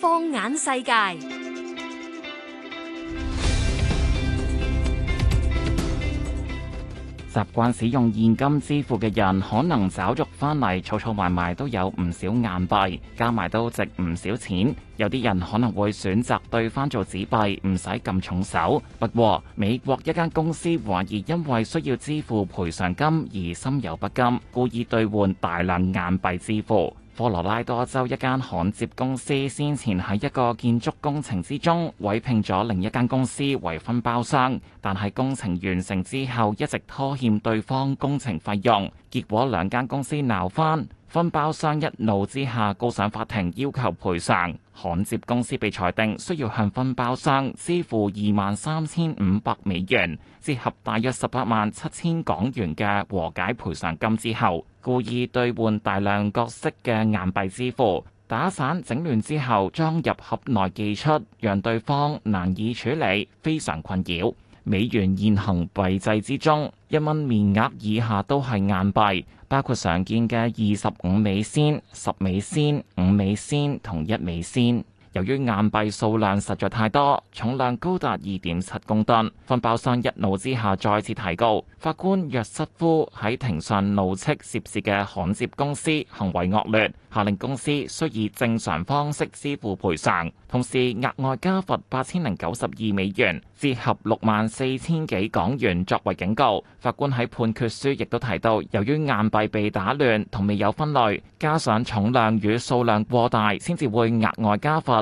放眼世界。習慣使用現金支付嘅人，可能找續翻嚟，儲儲埋埋都有唔少硬幣，加埋都值唔少錢。有啲人可能會選擇兌翻做紙幣，唔使咁重手。不過，美國一間公司懷疑因為需要支付賠償金而心有不甘，故意兌換大量硬，硬幣支付。科羅拉多州一間焊接公司先前喺一個建築工程之中委聘咗另一間公司為分包商，但係工程完成之後一直拖欠對方工程費用，結果兩間公司鬧翻。分包商一怒之下告上法庭，要求賠償。焊接公司被裁定需要向分包商支付二萬三千五百美元，折合大約十八萬七千港元嘅和解賠償金之後，故意兌換大量各式嘅硬幣支付，打散整亂之後裝入盒內寄出，讓對方難以處理，非常困擾。美元現行幣制之中，一蚊面額以下都係硬幣，包括常見嘅二十五美仙、十美仙、五美仙同一美仙。由於硬幣數量實在太多，重量高達二點七公噸，分包商一怒之下再次提告。法官約瑟夫喺庭上怒斥涉事嘅焊接公司行為惡劣，下令公司需以正常方式支付賠償，同時額外加罰八千零九十二美元，折合六萬四千幾港元作為警告。法官喺判決書亦都提到，由於硬幣被打亂同未有分類，加上重量與數量過大，先至會額外加罰。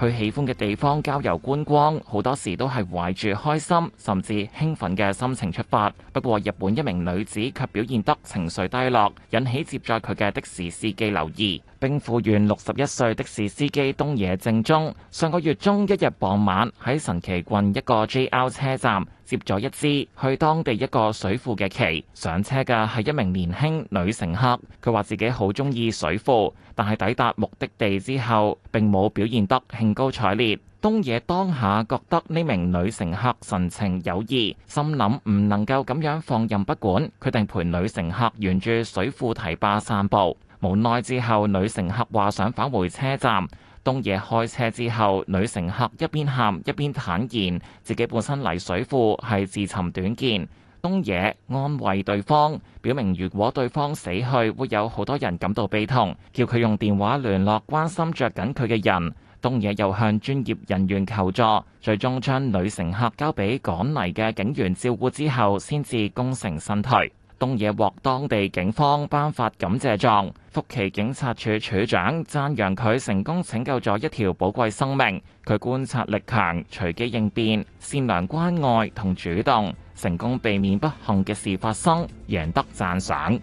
去喜歡嘅地方郊遊觀光，好多時都係懷住開心甚至興奮嘅心情出發。不過，日本一名女子卻表現得情緒低落，引起接載佢嘅的士司機留意。兵庫縣六十一歲的士司機東野正中，上個月中一日傍晚喺神崎郡一個 JR 車站。接咗一支去當地一個水庫嘅旗。上車嘅係一名年輕女乘客，佢話自己好中意水庫，但係抵達目的地之後，並冇表現得興高采烈。東野當下覺得呢名女乘客神情有異，心諗唔能夠咁樣放任不管，決定陪女乘客沿住水庫堤壩散步。冇耐之後，女乘客話想返回車站。東野開車之後，女乘客一邊喊，一邊坦言自己本身嚟水庫係自尋短見。東野安慰對方，表明如果對方死去，會有好多人感到悲痛，叫佢用電話聯絡關心着緊佢嘅人。東野又向專業人員求助，最終將女乘客交俾趕嚟嘅警員照顧之後，先至功成身退。東野獲當地警方頒發感謝狀，福奇警察署署長讚揚佢成功拯救咗一條寶貴生命。佢觀察力強，隨機應變，善良關愛同主動，成功避免不幸嘅事發生，贏得讚賞。